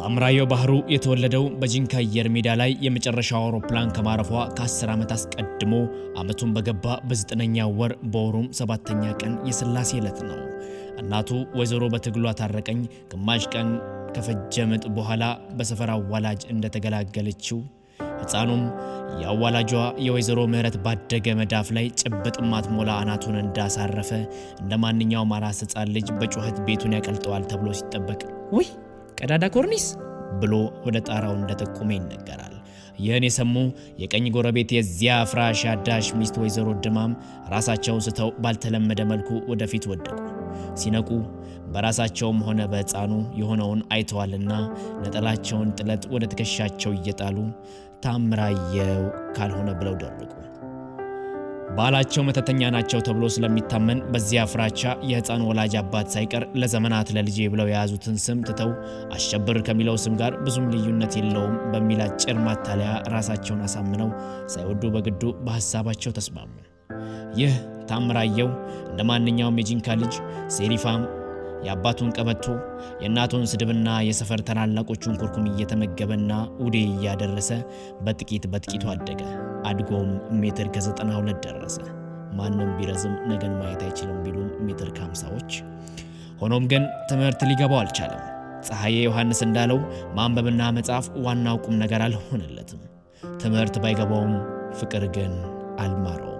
ታምራየሁ ባህሩ የተወለደው በጂንካ አየር ሜዳ ላይ የመጨረሻው አውሮፕላን ከማረፏ ከ10 ዓመት አስቀድሞ ዓመቱን በገባ በዘጠነኛ ወር በወሩም ሰባተኛ ቀን የስላሴ ዕለት ነው። እናቱ ወይዘሮ በትግሏ ታረቀኝ ግማሽ ቀን ከፈጀ ምጥ በኋላ በሰፈር አዋላጅ እንደተገላገለችው ሕፃኑም የአዋላጇ የወይዘሮ ምህረት ባደገ መዳፍ ላይ ጭብጥ ማትሞላ አናቱን እንዳሳረፈ እንደ ማንኛውም አራስ ሕፃን ልጅ በጩኸት ቤቱን ያቀልጠዋል ተብሎ ሲጠበቅ ውይ ቀዳዳ ኮርኒስ ብሎ ወደ ጣራው እንደጠቆመ ይነገራል። ይህን የሰሙ የቀኝ ጎረቤት የዚያ ፍራሽ አዳሽ ሚስት ወይዘሮ ድማም ራሳቸውን ስተው ባልተለመደ መልኩ ወደፊት ወደቁ። ሲነቁ በራሳቸውም ሆነ በሕፃኑ የሆነውን አይተዋልና ነጠላቸውን ጥለት ወደ ትከሻቸው እየጣሉ ታምራየው ካልሆነ ብለው ደረቁ። ባላቸው መተተኛ ናቸው ተብሎ ስለሚታመን በዚያ ፍራቻ የህፃን ወላጅ አባት ሳይቀር ለዘመናት ለልጄ ብለው የያዙትን ስም ትተው አሸብር ከሚለው ስም ጋር ብዙም ልዩነት የለውም በሚል አጭር ማታለያ ራሳቸውን አሳምነው ሳይወዱ በግዱ በሀሳባቸው ተስማሙ። ይህ ታምራየው እንደ ማንኛውም የጂንካ ልጅ ሴሪፋም የአባቱን ቀበቶ የእናቱን ስድብና የሰፈር ታላላቆቹን ኩርኩም እየተመገበና ውዴ እያደረሰ በጥቂት በጥቂቱ አደገ። አድጎም ሜትር ከ92 ደረሰ። ማንም ቢረዝም ነገን ማየት አይችልም ቢሉም ሜትር ከ50ዎች። ሆኖም ግን ትምህርት ሊገባው አልቻለም። ፀሐዬ ዮሐንስ እንዳለው ማንበብና መጻፍ ዋናው ቁም ነገር አልሆነለትም። ትምህርት ባይገባውም ፍቅር ግን አልማረውም።